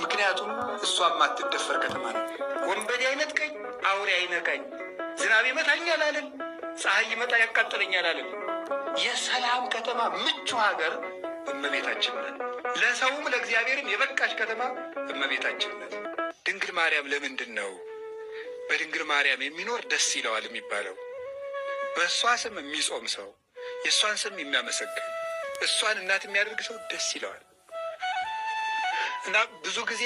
ምክንያቱም እሷ የማትደፈር ከተማ ነው። ወንበዴ አይነጥቀኝ፣ አውሬ አይነካኝ፣ ዝናብ ይመታኛል አለን፣ ፀሐይ ይመጣ ያቃጥለኛል አለን። የሰላም ከተማ፣ ምቹ ሀገር እመቤታችን ነን። ለሰውም ለእግዚአብሔርም የበቃች ከተማ እመቤታችን ነን። ድንግል ማርያም ለምንድን ነው በድንግል ማርያም የሚኖር ደስ ይለዋል የሚባለው? በእሷ ስም የሚጾም ሰው የእሷን ስም የሚያመሰግን እሷን እናት የሚያደርግ ሰው ደስ ይለዋል። እና ብዙ ጊዜ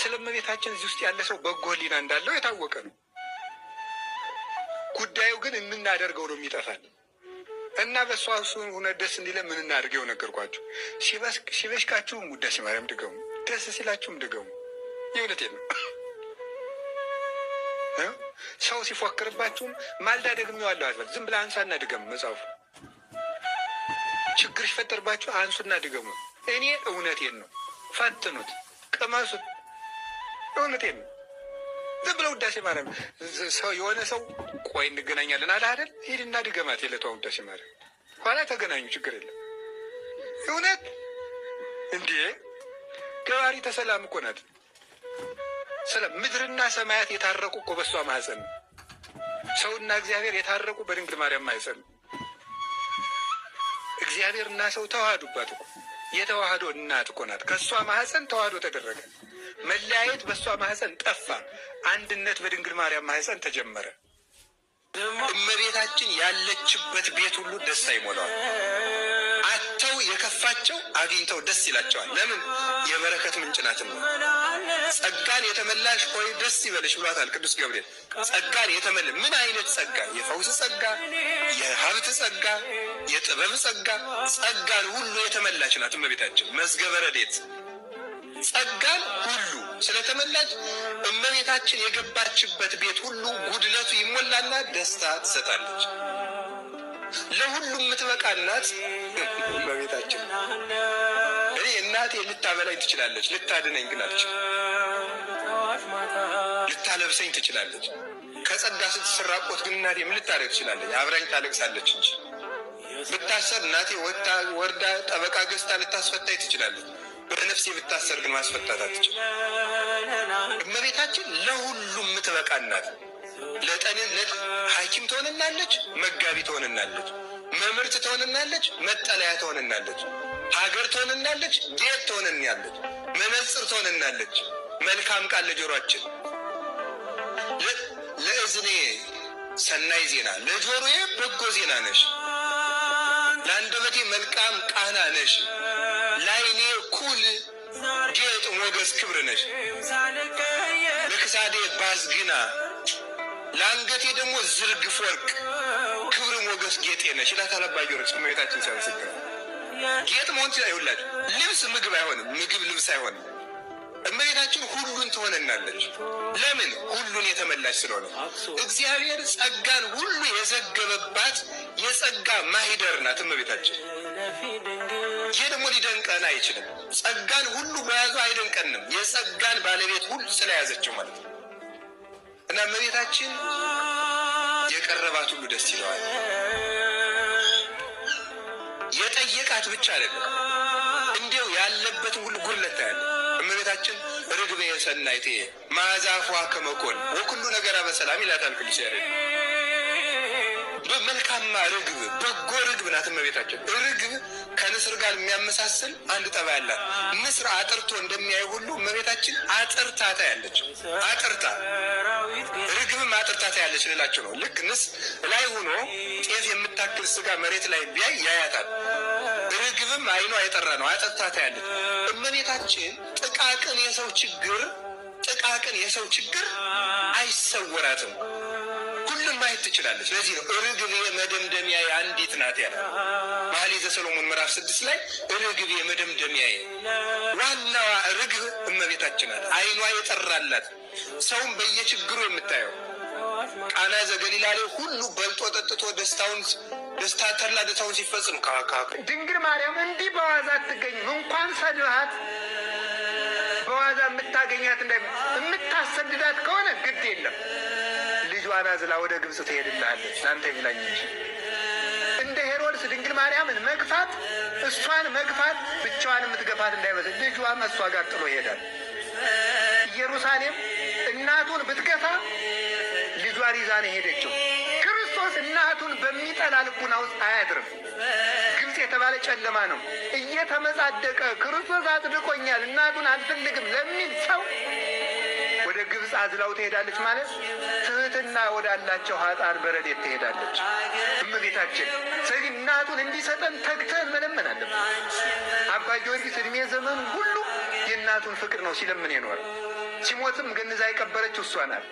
ስለ እመቤታችን እዚህ ውስጥ ያለ ሰው በጎ ሕሊና እንዳለው የታወቀ ነው። ጉዳዩ ግን የምናደርገው ነው የሚጠፋል። እና በእሷ እሱን ሁነት ደስ እንዲለ ምን እናድርገው ነገርኳችሁ። ሲበሽቃችሁም ውዳሴ ማርያም ድገሙ፣ ደስ ሲላችሁም ድገሙ። የእውነቴ ነው። ሰው ሲፎክርባችሁም ማልዳ ደግሜዋለሁ አትበል። ዝም ብለህ አንሳና ድገም። መጽሐፉ ችግር ሲፈጠርባችሁ አንሱና ድገሙ። እኔ እውነቴን ነው። ፈትኑት፣ ቅመሱት። እውነቴን ነው። ዝም ብለው ውዳሴ ማርያም የሆነ ሰው ቆይ እንገናኛለን አለ አይደል? ሂድና ድገማት የዕለቷን ውዳሴ ማርያም ኋላ ተገናኙ፣ ችግር የለም። እውነት እንዴ ገባሪ ተሰላም እኮ ናት። ስለ ምድርና ሰማያት የታረቁ እኮ በእሷ ማህፀን ሰውና እግዚአብሔር የታረቁ በድንግል ማርያም ማህፀን እግዚአብሔርና ሰው ተዋህዱባት እኮ የተዋህዶ እናት እኮ ናት። ከእሷ ማህፀን ተዋህዶ ተደረገ። መለያየት በእሷ ማህፀን ጠፋ። አንድነት በድንግል ማርያም ማህፀን ተጀመረ። እመቤታችን ያለችበት ቤት ሁሉ ደስታ ይሞላዋል። አተው የከፋቸው አግኝተው ደስ ይላቸዋል። ለምን? የበረከት ምንጭ ናት ነው። ጸጋን የተመላሽ ሆይ ደስ ይበልሽ ብሏታል ቅዱስ ገብርኤል። ጸጋን የተመል ምን አይነት ጸጋ? የፈውስ ጸጋ፣ የሀብት ጸጋ የጥበብ ጸጋ ጸጋን ሁሉ የተመላች ናት እመቤታችን መዝገበ ረዴት ጸጋን ሁሉ ስለተመላች እመቤታችን የገባችበት ቤት ሁሉ ጉድለቱ ይሞላና ደስታ ትሰጣለች። ለሁሉም የምትበቃ እናት እመቤታችን። እኔ እናቴ ልታበላኝ ትችላለች፣ ልታድነኝ ግን ልታለብሰኝ ትችላለች። ከጸጋ ስትስራቆት ግን እናቴ ምን ልታደርግ ትችላለች? አብራኝ ታለቅሳለች እንጂ ብታሰር እናቴ ወርዳ ጠበቃ ገዝታ ልታስፈታኝ ትችላለች። በነፍሴ ብታሰር ግን ማስፈታት አትችል። እመቤታችን ለሁሉም ምትበቃ እናት፣ ለጠንነት ሐኪም ትሆንናለች፣ መጋቢ ትሆንናለች፣ መምህርት ትሆንናለች፣ መጠለያ ትሆንናለች፣ ሀገር ትሆንናለች፣ ጌጥ ትሆንናለች፣ መነጽር ትሆንናለች። መልካም ቃል ለጆሯችን ለእዝኔ ሰናይ ዜና ለጆሮዬ በጎ ዜና ነሽ። ለአንደበቴ መልካም ቃና ነሽ፣ ለዓይኔ ኩል ጌጥ ሞገስ ክብር ነሽ። ለክሳዴ ባዝግና ለአንገቴ ደግሞ ዝርግፍ ወርቅ ክብር ሞገስ ጌጤ ነሽ ይላታል አባ ጊዮርጊስ እመቤታችን ሲያመሰግናል። ጌጥ መሆን ይችላል። ይሁላችሁ። ልብስ ምግብ አይሆንም፣ ምግብ ልብስ አይሆንም። እመቤታችን ሁሉን ትሆነናለች። ለምን? ሁሉን የተመላች ስለሆነ እግዚአብሔር ጸጋን ሁሉ የዘገበባት የጸጋ ማሂደር ናት እመቤታችን። ይህ ደግሞ ሊደንቀን አይችልም። ጸጋን ሁሉ መያዙ አይደንቀንም። የጸጋን ባለቤት ሁሉ ስለያዘችው ማለት ነው እና እመቤታችን የቀረባት ሁሉ ደስ ይለዋል። የጠየቃት ብቻ አይደለም፣ እንዲያው ያለበትን ሁሉ ጉድለት ታያለች። እመቤታችን ርግቤ የሰናይቴ ማዛፏ ከመኮን ወኩሉ ነገር በሰላም ይላታል ቅዱስ ያሬድ። በመልካማ ርግብ በጎ ርግብ ናት እመቤታችን። ርግብ ከንስር ጋር የሚያመሳስል አንድ ጠባ ያላት፣ ንስር አጥርቶ እንደሚያይ ሁሉ እመቤታችን አጥርታ ታያለች። አጥርታ ርግብም አጥርታ ታያለች ልላቸው ነው። ልክ ንስ ላይ ሆኖ ጤፍ የምታክል ስጋ መሬት ላይ ቢያይ ያያታል። ርግብም አይኗ የጠራ ነው፣ አጥርታ ታያለች እመቤታችን ጥቃቅን የሰው ችግር ጥቃቅን የሰው ችግር አይሰወራትም። ሁሉም ማየት ትችላለች። ለዚህ ነው ርግብ የመደምደሚያ አንዲት ናት ያለ መኃልየ ዘሰሎሞን ምዕራፍ ስድስት ላይ ርግብ የመደምደሚያ ዋናዋ ርግብ እመቤታችን ናት። አይኗ የጠራላት ሰውን በየችግሩ የምታየው ቃና ዘገሊላ ላይ ሁሉ በልጦ ጠጥቶ ደስታውን ደስታ ተድላ ደስታውን ሲፈጽም ድንግል ማርያም እንዲህ በዋዛ አትገኝም እንኳን ሰድሃት በዋዛ የምታገኛት እንደ የምታሰድዳት ከሆነ ግድ የለም ልጇን አዝላ ወደ ግብፅ ትሄድልሃለች። ለአንተ የሚላኝ እንጂ እንደ ሄሮድስ ድንግል ማርያምን መግፋት፣ እሷን መግፋት፣ ብቻዋን የምትገፋት እንዳይመስል ልጇም እሷ ጋር ጥሎ ይሄዳል። ኢየሩሳሌም እናቱን ብትገፋ ልጇ ሪዛን ሄደችው። ክርስቶስ እናቱን በሚጠላ ልቡና ውስጥ አያድርም። ግብፅ የተባለ ጨለማ ነው። እየተመጻደቀ ክርስቶስ አጽድቆኛል፣ እናቱን አልፈልግም ለሚል ሰው ወደ ግብፅ አዝላው ትሄዳለች ማለት ትህትና ወዳላቸው ሀጣን በረዴት ትሄዳለች እመቤታችን። ስለዚህ እናቱን እንዲሰጠን ተግተን መለመን አለብን። አባ ጊዮርጊስ እድሜ ዘመን ሁሉ የእናቱን ፍቅር ነው ሲለምን የኖረ ሲሞትም ገንዛ የቀበረችው እሷ ናት።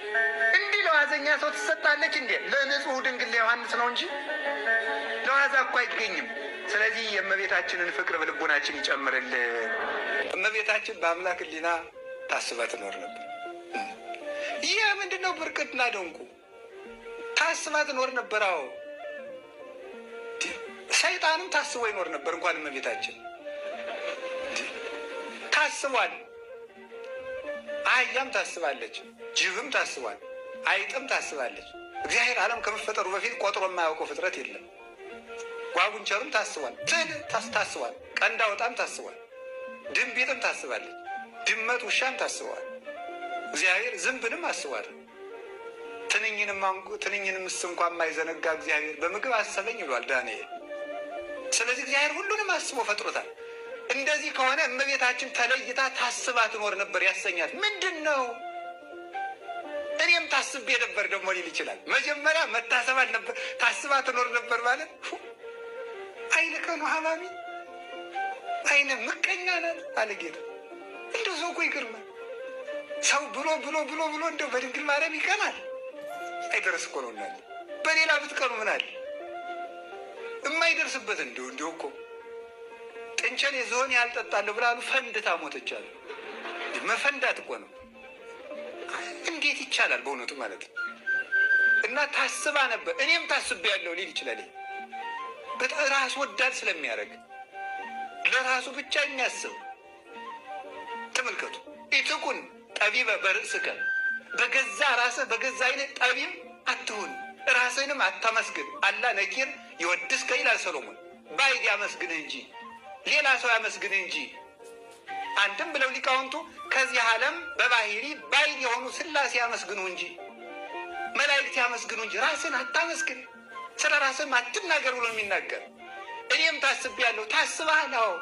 ለዋዘኛ ሰው ትሰጣለች እንዴ? ለንጹሕ ድንግል ለዮሐንስ ነው እንጂ ለዋዛ እኮ አይገኝም። ስለዚህ የእመቤታችንን ፍቅር በልቦናችን ይጨምርልን። እመቤታችን በአምላክ ሕሊና ታስባ ትኖር ነበር። ይህ ምንድን ነው? ብርቅትና ደንቁ ታስባ ትኖር ነበር። አዎ ሰይጣንም ታስቦ ይኖር ነበር። እንኳን እመቤታችን ታስቧል። አህያም ታስባለች፣ ጅብም ታስቧል። አይጥም ታስባለች። እግዚአብሔር ዓለም ከመፈጠሩ በፊት ቆጥሮ የማያውቀው ፍጥረት የለም። ጓጉንቸርም ታስቧል። ትል ታስቧል። ቀንዳ ወጣም ታስቧል። ድንቢጥም ታስባለች። ድመት ውሻም ታስበዋል። እግዚአብሔር ዝንብንም አስቧል። ትንኝንምስ እንኳ የማይዘነጋ እግዚአብሔር በምግብ አሰበኝ ብሏል ዳንኤል። ስለዚህ እግዚአብሔር ሁሉንም አስቦ ፈጥሮታል። እንደዚህ ከሆነ እመቤታችን ተለይታ ታስባ ትኖር ነበር ያሰኛት ምንድን ነው? እኔም ታስቤ ነበር ደግሞ ሊል ይችላል። መጀመሪያ መታሰብ አልነበር ታስባ ትኖር ነበር ማለት አይነ ከኑ ሀማሚ አይነ ምቀኛ ናት አለ ጌታ። እንደው ሰው እኮ ይገርማል። ሰው ብሎ ብሎ ብሎ ብሎ እንደ በድንግል ማርያም ይቀናል። አይደረስ እኮ ነው እናለ በሌላ ብትቀኑ ምን አለ የማይደርስበት እንዲ እንዲ እኮ ጥንቸን የዝሆን ያልጠጣለሁ ብላሉ ፈንድታ ሞተቻለ። መፈንዳት እኮ ነው እንዴት ይቻላል? በእውነቱ ማለት ነው። እና ታስባ ነበር፣ እኔም ታስብ ያለው ሊል ይችላል። ራስ ወዳድ ስለሚያደርግ ለራሱ ብቻ የሚያስብ ተመልከቱ። ኢትኩን ጠቢበ በርእስከ፣ በገዛ ራስህ በገዛ አይነት ጠቢም አትሁን፣ ራስህንም አታመስግን። አላ ነኪር ይወድስከ ይላል ሰሎሞን። ባይድ ያመስግን እንጂ ሌላ ሰው ያመስግን እንጂ አንድም ብለው ሊቃውንቱ ከዚህ ዓለም በባህሪ ባይል የሆኑ ስላሴ ያመስግኑ እንጂ መላእክት ያመስግኑ እንጂ ራስን አታመስግን፣ ስለ ራስም አትናገር ብሎ የሚናገር እኔም ያለው ታስበሃል? አዎ።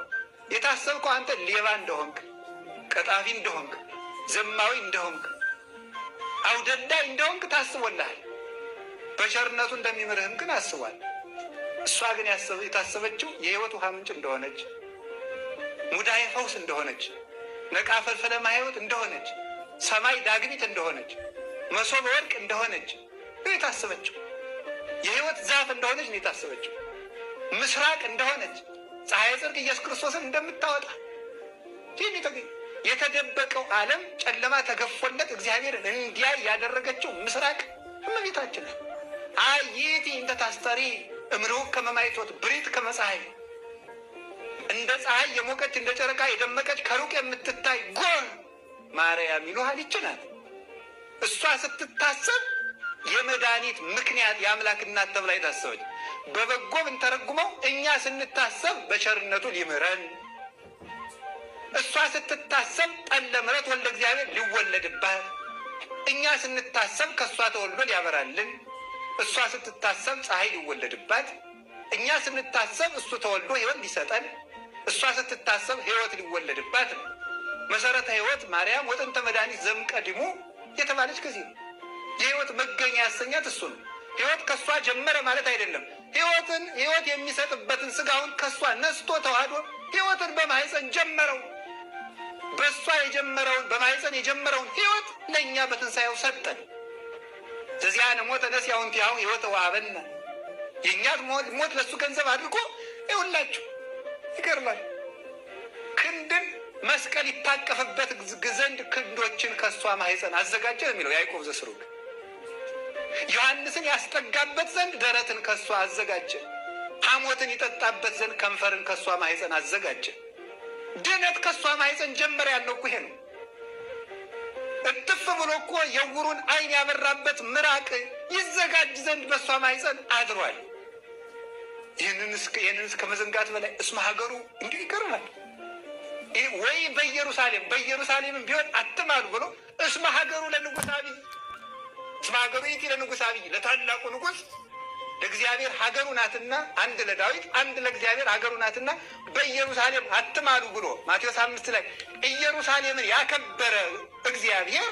የታሰብከው አንተ ሌባ እንደሆንክ፣ ቀጣፊ እንደሆንክ፣ ዘማዊ እንደሆንክ፣ አውደላይ እንደሆንክ ታስቦልሃል። በቸርነቱ እንደሚምርህም ግን አስቧል። እሷ ግን የታሰበችው የህይወት ውሃ ምንጭ እንደሆነች ሙዳየ ፈውስ እንደሆነች፣ ነቃ ፈልፈለ ማሕይወት እንደሆነች፣ ሰማይ ዳግሚት እንደሆነች፣ መሶብ ወርቅ እንደሆነች ነው የታሰበችው። የህይወት ዛፍ እንደሆነች ነው የታሰበችው። ምስራቅ እንደሆነች፣ ፀሐይ ጽድቅ ኢየሱስ ክርስቶስን እንደምታወጣ ይህን የተደበቀው ዓለም ጨለማ ተገፎለት እግዚአብሔርን እንዲያይ ያደረገችው ምስራቅ እመቤታችን አይቲ እንተታስተሪ እምርሁ ከመማይቶት ብሪት ከመፀሐይ እንደ ፀሐይ የሞቀች እንደ ጨረቃ የደመቀች ከሩቅ የምትታይ ጎል ማርያም ይሉሃል። ይች ናት እሷ ስትታሰብ የመድኃኒት ምክንያት የአምላክ እናት ተብላ የታሰበች በበጎ ብንተረጉመው እኛ ስንታሰብ በቸርነቱ ሊምረን እሷ ስትታሰብ ጠለ ወልደ እግዚአብሔር ሊወለድባት እኛ ስንታሰብ ከእሷ ተወልዶ ሊያበራልን እሷ ስትታሰብ ፀሐይ ሊወለድባት እኛ ስንታሰብ እሱ ተወልዶ ሕይወት ሊሰጠን እሷ ስትታሰብ ህይወት ሊወለድባት ነው። መሰረተ ህይወት ማርያም ወጥንተ መድኃኒት ዘምቀድሙ የተባለች ከዚህ ነው። የህይወት መገኛ ያሰኛት እሱ ነው። ህይወት ከእሷ ጀመረ ማለት አይደለም። ህይወትን ህይወት የሚሰጥበትን ስጋውን ከእሷ ነስቶ ተዋህዶ ህይወትን በማህፀን ጀመረው። በእሷ የጀመረውን በማህፀን የጀመረውን ህይወት ለእኛ በትንሣኤው ሰጠን። ስለዚህ ሞተ ነስ ያሁን ህይወት ዋበና የእኛት ሞት ለእሱ ገንዘብ አድርጎ ይሁላችሁ ይገርማል። ክንድን መስቀል ይታቀፍበት ዘንድ ክንዶችን ከእሷ ማህፀን አዘጋጀ የሚለው ያዕቆብ ዘስሩግ ዮሐንስን ያስጠጋበት ዘንድ ደረትን ከእሷ አዘጋጀ። ሐሞትን ይጠጣበት ዘንድ ከንፈርን ከእሷ ማህፀን አዘጋጀ። ድነት ከእሷ ማህፀን ጀመረ ያለው እኮ ይሄ ነው። እጥፍ ብሎ እኮ የውሩን አይን ያበራበት ምራቅ ይዘጋጅ ዘንድ በእሷ ማህፀን አድሯል። ይህንንስ ከመዘንጋት በላይ እስመ ሀገሩ እንዲሁ ይገርማል። ወይ በኢየሩሳሌም በኢየሩሳሌምም ቢሆን አትማሉ ብሎ እስማ ሀገሩ ለንጉሥ አብይ እስማ ሀገሩ ይእቲ ለንጉሥ አብይ ለታላቁ ንጉሥ ለእግዚአብሔር ሀገሩ ናትና አንድ ለዳዊት አንድ ለእግዚአብሔር ሀገሩ ናትና በኢየሩሳሌም አትማሉ ብሎ ማቴዎስ አምስት ላይ ኢየሩሳሌምን ያከበረ እግዚአብሔር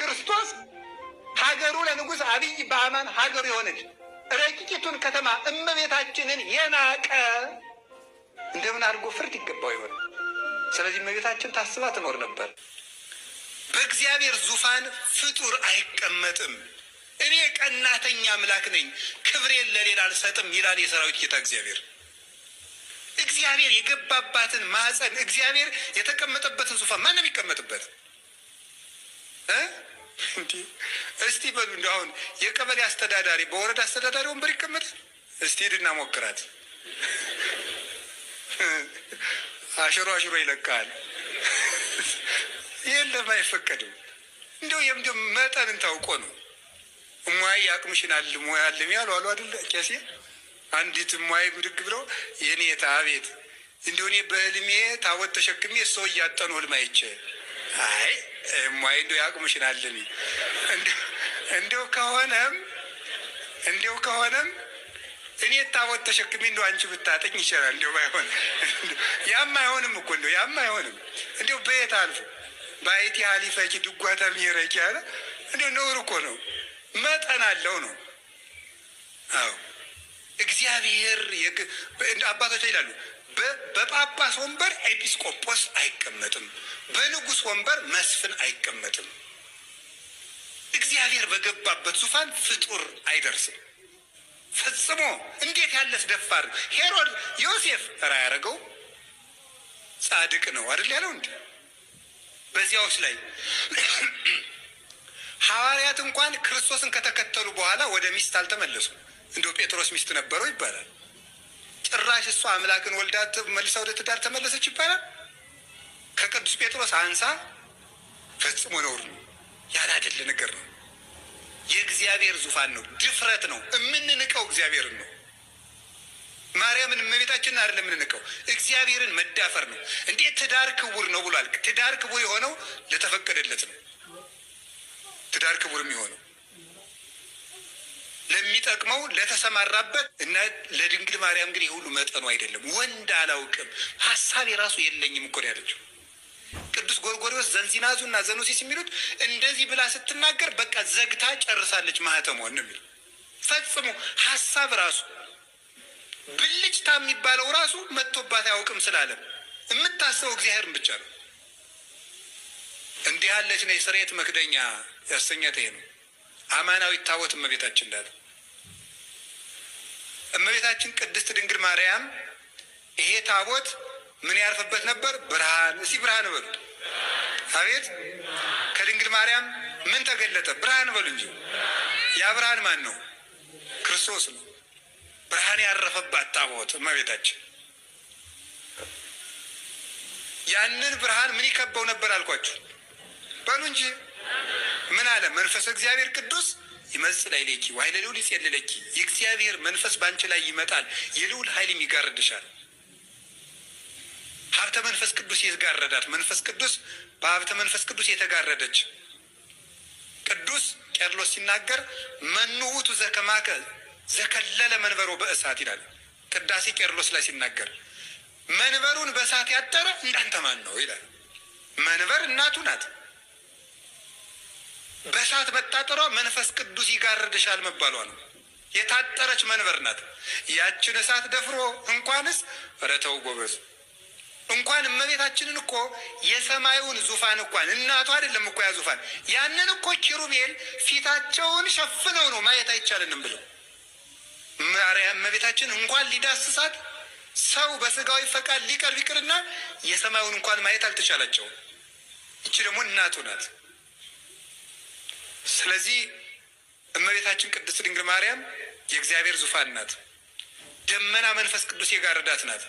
ክርስቶስ ሀገሩ ለንጉሥ አብይ በአማን ሀገሩ የሆነች ረቂቂቱን ከተማ እመቤታችንን የናቀ እንደምን አድርጎ ፍርድ ይገባው ይሆን? ስለዚህ እመቤታችን ታስባ ትኖር ነበር። በእግዚአብሔር ዙፋን ፍጡር አይቀመጥም። እኔ ቀናተኛ አምላክ ነኝ፣ ክብሬን ለሌላ አልሰጥም ይላል የሰራዊት ጌታ እግዚአብሔር። እግዚአብሔር የገባባትን ማዕፀን፣ እግዚአብሔር የተቀመጠበትን ዙፋን ማንም ይቀመጥበት እስቲ በሉ እንደ አሁን የቀበሌ አስተዳዳሪ በወረዳ አስተዳዳሪ ወንበር ይቀመጣል? እስቲ ሂድና ሞክራት። አሽሮ አሽሮ ይለቃል። የለም አይፈቀድም። እንደው የምደ መጠንን ታውቆ ነው። እሟይ ያቅምሽን አል ሙያ አለም ያሉ አሉ አደለ ቄሴ አንዲት ሙያ ብድግ ብለው የኔታ አቤት እንዲሁ እኔ በህልሜ ታወት ተሸክሜ ሰው እያጠኑ ህልም አይቼ አይ ማይዶ ያቁምሽን አለኝ እንደው ከሆነም እንደው ከሆነም እኔ ታቦት ተሸክሜ እንደው አንቺ ብታጠኝ ይሻላል። እንደው ባይሆን ያም አይሆንም እኮ እንደው ያም አይሆንም። እንደው በየት አልፎ በአይቲ ሀሊፈች ድጓታ ሚረቂ ያለ እንደው ነውር እኮ ነው። መጠን አለው ነው። አዎ እግዚአብሔር አባቶች ይላሉ በጳጳስ ወንበር ኤጲስቆጶስ አይቀመጥም። በንጉሥ ወንበር መስፍን አይቀመጥም። እግዚአብሔር በገባበት ዙፋን ፍጡር አይደርስም ፈጽሞ። እንዴት ያለስ ደፋር ሄሮድ ዮሴፍ ራ ያደረገው ጻድቅ ነው አይደል ያለው እንዲ በዚያዎች ላይ ሐዋርያት እንኳን ክርስቶስን ከተከተሉ በኋላ ወደ ሚስት አልተመለሱም። እንደው ጴጥሮስ ሚስት ነበረው ይባላል። ጭራሽ እሷ አምላክን ወልዳ መልሳ ወደ ትዳር ተመለሰች ይባላል። ከቅዱስ ጴጥሮስ አንሳ ፈጽሞ ነውር ነው፣ ያላደለ ነገር ነው። የእግዚአብሔር ዙፋን ነው፣ ድፍረት ነው። የምንንቀው እግዚአብሔርን ነው። ማርያምን እመቤታችንን አይደለም የምንንቀው፣ እግዚአብሔርን መዳፈር ነው። እንዴት ትዳር ክቡር ነው ብሏል። ትዳር ክቡር የሆነው ለተፈቀደለት ነው። ትዳር ክቡር የሚሆነው ለሚጠቅመው ለተሰማራበት እና ለድንግል ማርያም ግን የሁሉ መጠኑ አይደለም። ወንድ አላውቅም ሀሳብ የራሱ የለኝም እኮ ያለችው ቅዱስ ጎርጎሪዎስ ዘንዚናዙ እና ዘኖሲስ የሚሉት እንደዚህ ብላ ስትናገር በቃ ዘግታ ጨርሳለች ነው የሚሉ ፈጽሞ ሀሳብ ራሱ ብልጭታ የሚባለው ራሱ መጥቶባት አያውቅም ስላለም የምታስበው እግዚአብሔርን ብቻ ነው። እንዲህ ያለች ነ ስሬት መክደኛ ያሰኛት ይሄ ነው። አማናዊ ታቦት እመቤታችን እንዳለ እመቤታችን ቅድስት ድንግል ማርያም ይሄ ታቦት ምን ያርፍበት ነበር? ብርሃን። እስቲ ብርሃን በሉ አቤት። ከድንግል ማርያም ምን ተገለጠ? ብርሃን በሉ እንጂ። ያ ብርሃን ማን ነው? ክርስቶስ ነው። ብርሃን ያረፈባት ታቦት እመቤታችን። ያንን ብርሃን ምን ይከበው ነበር አልኳችሁ? በሉ እንጂ ምን አለ? መንፈስ እግዚአብሔር ቅዱስ ይመስል አይሌኪ ወኃይለ ልዑል ይጼልለኪ። የእግዚአብሔር መንፈስ በአንቺ ላይ ይመጣል፣ የልዑል ኃይልም ይጋርድሻል። ሀብተ መንፈስ ቅዱስ የጋረዳት መንፈስ ቅዱስ በሀብተ መንፈስ ቅዱስ የተጋረደች ቅዱስ ቄርሎስ ሲናገር መንሁቱ ዘከማከ ዘከለለ መንበሮ በእሳት ይላል። ቅዳሴ ቄርሎስ ላይ ሲናገር መንበሩን በእሳት ያጠረ እንዳንተ ማን ነው ይላል። መንበር እናቱ ናት። በእሳት መታጠሯ መንፈስ ቅዱስ ይጋርድሻል መባሏ ነው። የታጠረች መንበር ናት። ያችን እሳት ደፍሮ እንኳንስ ረተው ጎበዝ እንኳን እመቤታችንን እኮ የሰማዩን ዙፋን እንኳን እናቷ አይደለም እኮ ያ ዙፋን ያንን እኮ ኪሩቤል ፊታቸውን ሸፍነው ነው ማየት አይቻልንም ብለው ማርያም እመቤታችን እንኳን ሊዳስሳት ሰው በስጋዊ ፈቃድ ሊቀርብ ይቅርና የሰማዩን እንኳን ማየት አልተቻላቸውም። እቺ ደግሞ እናቱ ናት። ስለዚህ እመቤታችን ቅድስት ድንግል ማርያም የእግዚአብሔር ዙፋን ናት። ደመና መንፈስ ቅዱስ የጋረዳት ናት።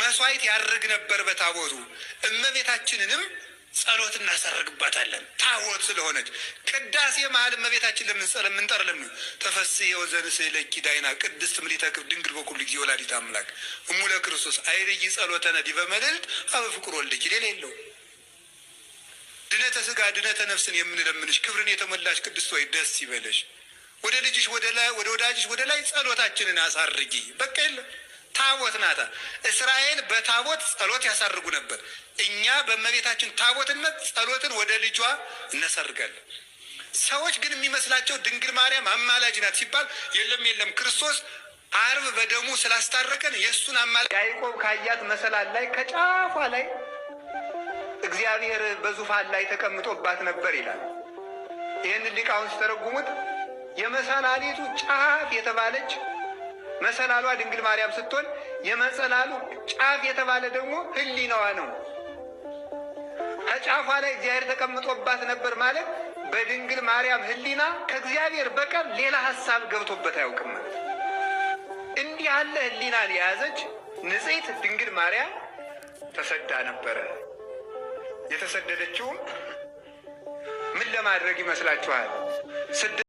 መስዋዕት ያርግ ነበር በታቦቱ። እመቤታችንንም ጸሎት እናሰርግባታለን ታቦት ስለሆነች። ቅዳሴ መሀል እመቤታችን ለምንጸለ የምንጠር ለምን የወዘን ወዘንስእለኪ ዳይና ቅድስት ምሊተክብ ድንግል በኩል ጊዜ ወላዲት አምላክ እሙለ ክርስቶስ አይርይ ጸሎተነ ዲበ መልዕልት አበ ፍቁር ወልድኪ ሌላ የለው ድነተ ስጋ ድነተ ነፍስን የምንለምንሽ ክብርን የተሞላሽ ቅድስት ሆይ ደስ ይበለሽ። ወደ ልጅሽ ወደ ላይ ወዳጅሽ ወደ ላይ ጸሎታችንን አሳርጊ። በቃ የለ ታቦት ናታ። እስራኤል በታቦት ጸሎት ያሳርጉ ነበር። እኛ በእመቤታችን ታቦትነት ጸሎትን ወደ ልጇ እናሳርጋለን። ሰዎች ግን የሚመስላቸው ድንግል ማርያም አማላጅ ናት ሲባል የለም የለም ክርስቶስ አርብ በደሙ ስላስታረቀን የእሱን አማላጅ ያዕቆብ ካያት መሰላል ላይ ከጫፏ ላይ እግዚአብሔር በዙፋን ላይ ተቀምጦባት ነበር ይላል። ይህን ሊቃውን ሲተረጉሙት የመሰላሊቱ ጫፍ የተባለች መሰላሏ ድንግል ማርያም ስትሆን የመሰላሉ ጫፍ የተባለ ደግሞ ሕሊናዋ ነው። ከጫፏ ላይ እግዚአብሔር ተቀምጦባት ነበር ማለት በድንግል ማርያም ሕሊና ከእግዚአብሔር በቀር ሌላ ሀሳብ ገብቶበት አያውቅም ማለት እንዲህ ያለ ሕሊናን የያዘች ንጽሕት ድንግል ማርያም ተሰዳ ነበረ። የተሰደደችውም ምን ለማድረግ ይመስላችኋል?